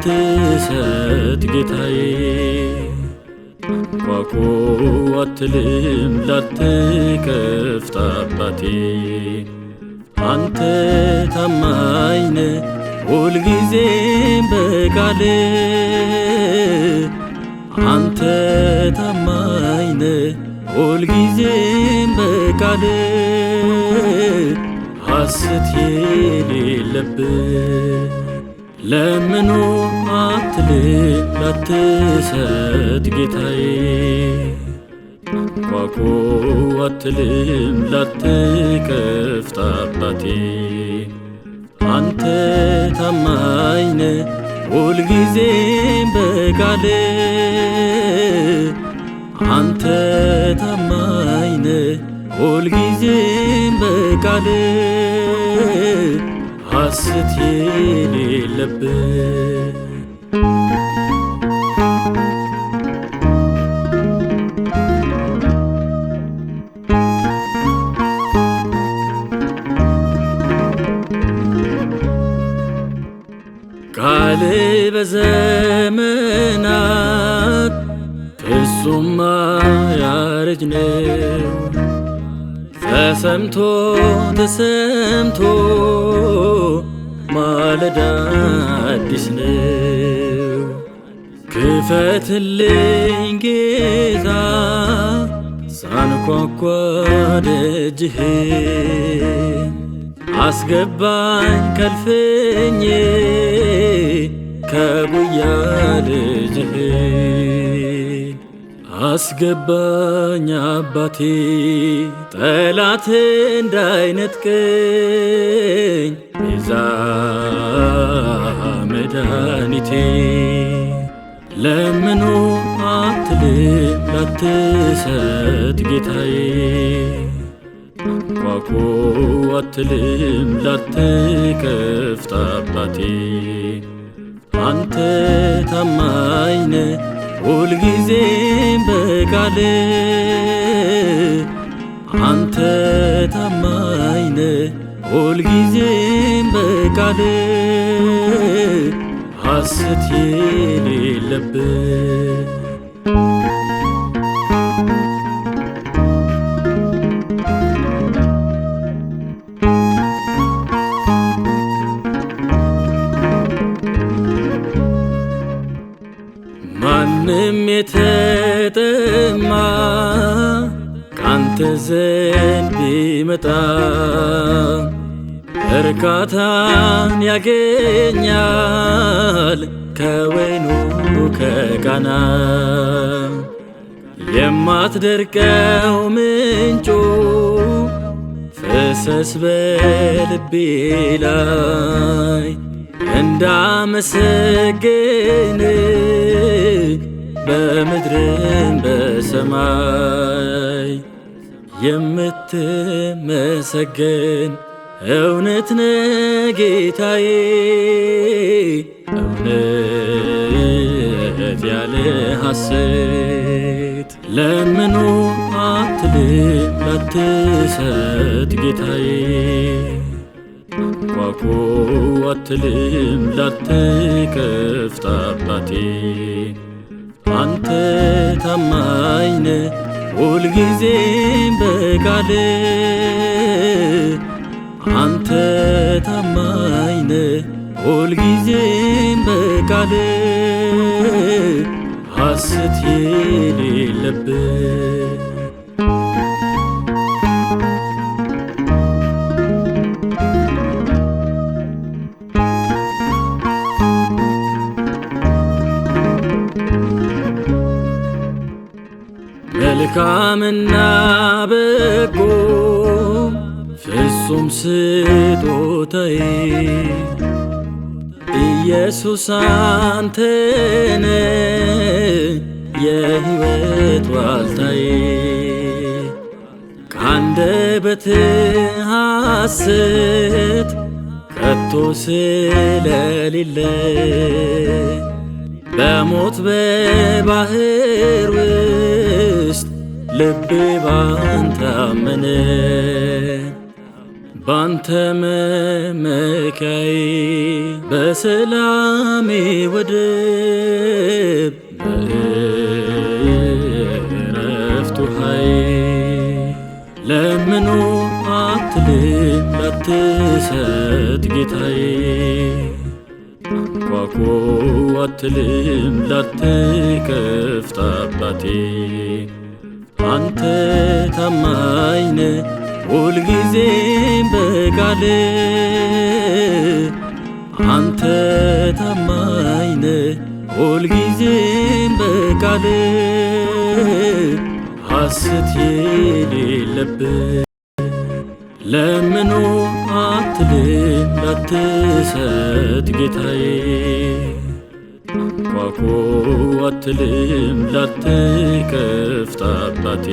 አትሰጥ ጌታዬ አንኳኩ አትልም ላትከፍት አባቴ አንተ ታማኝ ሁልጊዜም በቃል አንተ ሁልጊዜም በቃል ሐሰት የሌለብህ ለምኑ አትልል ላትሰጥ ጌታዬ አንኳኩ አትልም ላትከፍት አባቴ አንተ ታማኝ ነህ ሁልጊዜ በቃል አንተ ታማኝ ነህ ሁልጊዜ በቃል ሐሰት የሌለብህ ቃል በዘመናት ፍጹም ማያረጅ ነው ተሰምቶ ተሰምቶ ወደ አዲስ ነው። ክፈትልኝ ጌታ ሳንኳኳ ደጅህ አስገባኝ ከልፍኜ ከጉያ ልጅህ አስገባኝ አባቴ ጠላት እንዳይነጥቅኝ ቤዛ መድኃኒቴ ለምኖ አትልም ላትሰጥ ጌታዬ አንኳኩ አትልም ላትከፍት አባቴ አንተ ታማኝ ነህ ሁልጊዜም በቃል አንተ ታማኝነ ሁልጊዜም በቃል ሐሰት የሌለብህ የተጠማ ካንተ ዘንድ ቢመጣ እርካታን ያገኛል ከወይኑ ከቃና የማትደርቀው ምንጩ ፍሰስ በልቤ ላይ እንዳመሰግን በምድርም በሰማይ የምትመሰገን እውነት ነህ ጌታዬ እውነት ያለ ሐሴት ለምኑ አትልም ላትሰጥ ጌታዬ አንኳኩ አትልም ላትከፍት አባቴ አንተ ታማኝነ ሁልጊዜም በቃል አንተ ታማኝነ ሁልጊዜም በቃል ሐሰት የሌለብን መልካምና በጎ ፍጹም ስጦታዬ ኢየሱስ አንተነ የሕይወት ዋልታዬ ካንደበት ሐሰት ከቶ ስለሌለ በሞት በባህር ልቤ ባንተ አመነ ባንተ መመካይ በሰላሜ ወደብ በእረፍቱ ውሃዬ ለምኑ አትልም ላትሰጥ ጌታዬ አንኳኩ አትልም ላትከፍት አባቴ አንተ ታማኝነ ሁልጊዜም በቃል አንተ ታማኝነ ሁልጊዜም በቃል ሐሰት የሌለብ ለምኖ አትልም ላትሰጥ ጌታዬ አንኳኩ አትልም ላትከፍት አባቴ